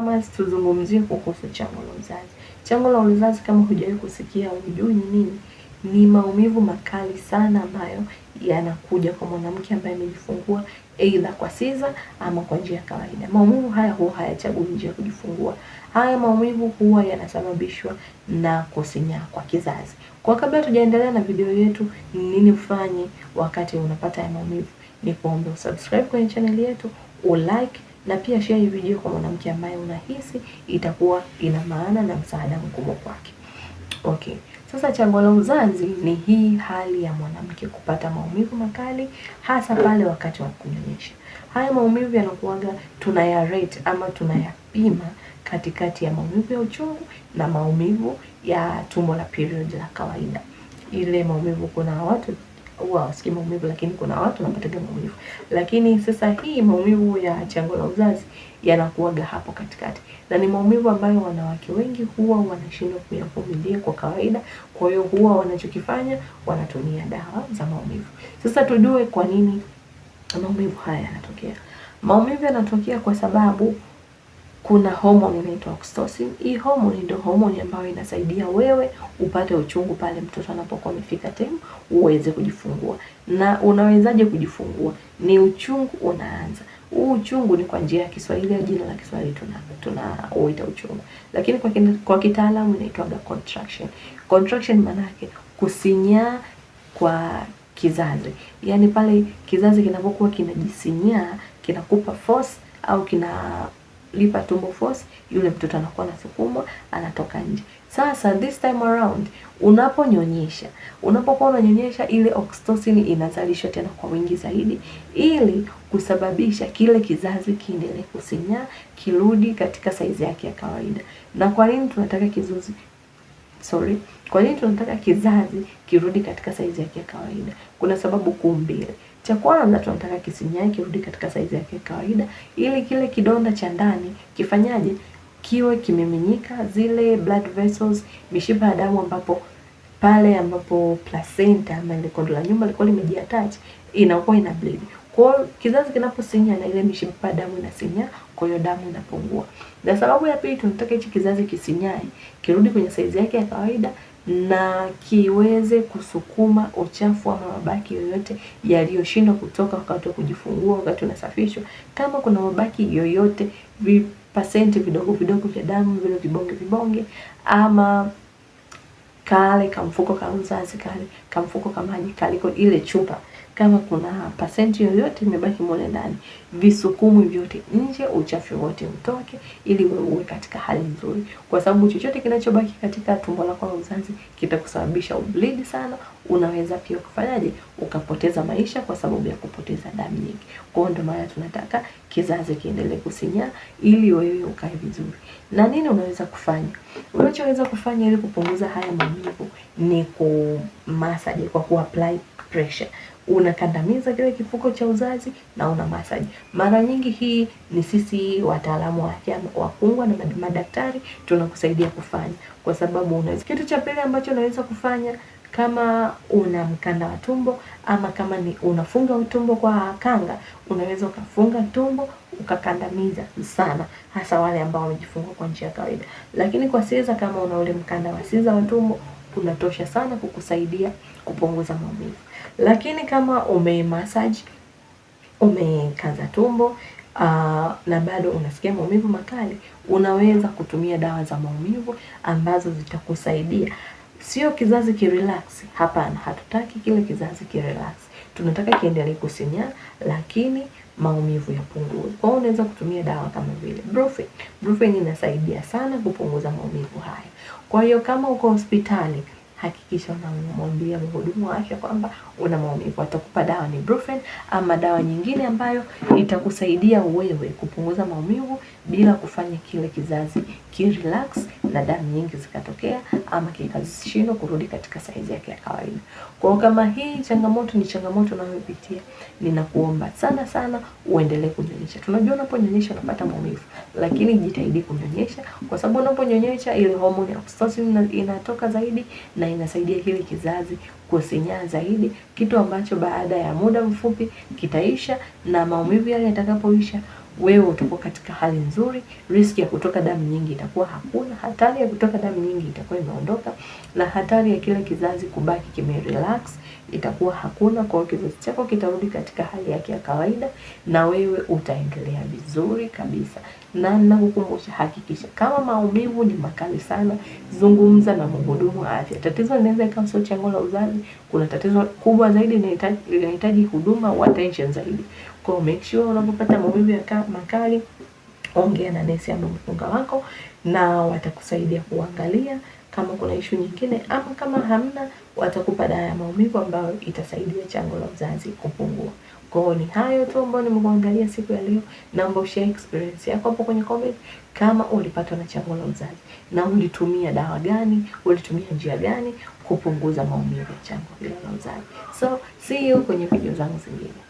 Mama, tuzungumzie kuhusu chango la uzazi. Chango la uzazi kama hujawahi kusikia hujui ni nini, ni maumivu makali sana ambayo yanakuja kwa mwanamke ambaye amejifungua aidha kwa siza ama kwa njia ya kawaida. Maumivu haya huwa hayachagui njia ya kujifungua. Haya maumivu huwa yanasababishwa na kusinyaa kwa kizazi. Kwa kabla tujaendelea na video yetu, nini ufanye wakati unapata haya maumivu, ni kuombe usubscribe kwenye channel yetu ulike na pia share hii video kwa mwanamke ambaye unahisi itakuwa ina maana na msaada mkubwa kwake. Okay. Sasa chango la uzazi ni hii hali ya mwanamke kupata maumivu makali hasa pale wakati wa kunyonyesha. Haya maumivu yanakuwaga rate ama tunayapima katikati ya maumivu ya uchungu na maumivu ya tumbo la period la kawaida. Ile maumivu kuna watu huwa hawasikii maumivu, lakini kuna watu wanapataga maumivu. Lakini sasa hii maumivu ya chango la uzazi yanakuaga hapo katikati, na ni maumivu ambayo wanawake wengi huwa wanashindwa kuyavumilia kwa kawaida. Kwa hiyo huwa wanachokifanya wanatumia dawa za maumivu. Sasa tujue kwa nini maumivu haya yanatokea. Maumivu yanatokea kwa sababu kuna homoni inaitwa oxytocin. Hii homoni ndio homoni ambayo inasaidia wewe upate uchungu pale mtoto anapokuwa amefika temu uweze kujifungua. Na unawezaje kujifungua? Ni uchungu unaanza. Huu uchungu ni kwa njia ya Kiswahili ya jina la Kiswahili tunauita tuna uchungu, lakini kwa, kwa kitaalamu inaitwaga contraction. Contraction maana yake kusinyaa kwa kizazi, yaani pale kizazi kinapokuwa kinajisinyaa kinakupa force au kina lipa tumbo force, yule mtoto anakuwa anasukumwa anatoka nje. Sasa this time around unaponyonyesha, unapokuwa unanyonyesha, ile oxytocin inazalishwa tena kwa wingi zaidi, ili kusababisha kile kizazi kiendelee kusinyaa, kirudi katika saizi yake ya kawaida. Na kwa nini tunataka kizuzi sorry, kwa nini tunataka kizazi kirudi katika saizi yake ya kawaida? Kuna sababu kuu mbili. Cha kwanza tunataka yake kirudi katika saizi yake kawaida, ili kile kidonda cha ndani kifanyaje, kiwe kimeminyika, zile blood vessels, mishipa ya damu, ambapo pale ambapo placenta ama ile kondo la nyuma liko limejiattach inakuwa ina bleed. Kwa hiyo kizazi kinaposinya na ile mishipa ya damu inasinya, kwa hiyo damu inapungua. Na sababu ya pili tunataka hichi kizazi kisinyae kirudi kwenye saizi yake ya kawaida na kiweze kusukuma uchafu ama mabaki yoyote yaliyoshindwa kutoka wakati wa kujifungua, wakati unasafishwa. Kama kuna mabaki yoyote, vipasenti vidogo vidogo vya damu, vile vibonge vibonge, ama kale kamfuko ka mzazi, kale kamfuko ka maji, kaliko ile chupa kama kuna pasenti yoyote imebaki mule ndani, visukumu vyote nje, uchafu wote utoke, ili uwe katika hali nzuri, kwa sababu chochote kinachobaki katika tumbo lako la uzazi kitakusababisha ubleed sana. Unaweza pia kufanyaje, ukapoteza maisha kwa sababu ya kupoteza damu nyingi. Kwa hiyo ndio maana tunataka kizazi kiendelee kusinyaa, ili wewe ukae vizuri. Na nini unaweza kufanya? Unachoweza kufanya ili kupunguza haya maumivu ni kumasaji kwa kuapply pressure unakandamiza kile kifuko cha uzazi na una masaji. Mara nyingi hii ni sisi wataalamu wa afya wakungwa na madaktari tunakusaidia kufanya, kwa sababu unaweza. Kitu cha pili ambacho unaweza kufanya kama una mkanda wa tumbo ama kama ni unafunga utumbo kwa kanga, unaweza ukafunga tumbo ukakandamiza sana, hasa wale ambao wamejifungua kwa njia ya kawaida. Lakini kwa siza, kama una ule mkanda wa siza wa tumbo kunatosha sana kukusaidia kupunguza maumivu. Lakini kama ume massage, umekaza tumbo Uh, na bado unasikia maumivu makali, unaweza kutumia dawa za maumivu ambazo zitakusaidia. Sio kizazi kirelax, hapana. Hatutaki kile kizazi kirelax, tunataka kiendelee kusinyaa, lakini maumivu yapungue. Kwa hiyo unaweza kutumia dawa kama vile Brufen. Brufen inasaidia sana kupunguza maumivu haya. Kwa hiyo kama uko hospitali hakikisha unamwambia mhudumu wa afya kwamba una maumivu, atakupa dawa ni Brufen ama dawa nyingine ambayo itakusaidia wewe kupunguza maumivu bila kufanya kile kizazi kirelax na damu nyingi zikatokea ama kikashindwa kurudi katika saizi yake ya kawaida. Kwa hiyo kama hii changamoto ni changamoto unayopitia, ninakuomba sana sana uendelee kunyonyesha. Tunajua unaponyonyesha unapata maumivu, lakini jitahidi kunyonyesha, kwa sababu unaponyonyesha ile homoni ya oxytocin inatoka zaidi na inasaidia hili kizazi kusinyaa zaidi, kitu ambacho baada ya muda mfupi kitaisha, na maumivu yale yatakapoisha wewe utakuwa katika hali nzuri, riski ya kutoka damu nyingi itakuwa hakuna, hatari ya kutoka damu nyingi itakuwa imeondoka, na hatari ya kile kizazi kubaki kimerelax itakuwa hakuna. Kwa hiyo kizazi chako kitarudi katika hali yake ya kawaida, na wewe utaendelea vizuri kabisa. Na nakukumbusha hakikisha kama maumivu ni makali sana, zungumza na mhudumu wa afya. Tatizo linaweza ikawa sio chango la uzazi, kuna tatizo kubwa zaidi linahitaji huduma wa attention zaidi. Kwa hiyo make sure unapopata maumivu ya makali, ongea na nesi ama mkunga wako, na watakusaidia kuangalia kama kuna ishu nyingine, ama kama hamna, watakupa dawa ya maumivu ambayo itasaidia chango la uzazi kupungua. Kwa hiyo ni hayo tu ambayo nimekuangalia siku ya leo. Naomba ushare experience yako hapo kwenye comment, kama ulipatwa na chango la uzazi na ulitumia dawa gani, ulitumia njia gani kupunguza maumivu ya chango la uzazi. So see you kwenye video zangu zingine.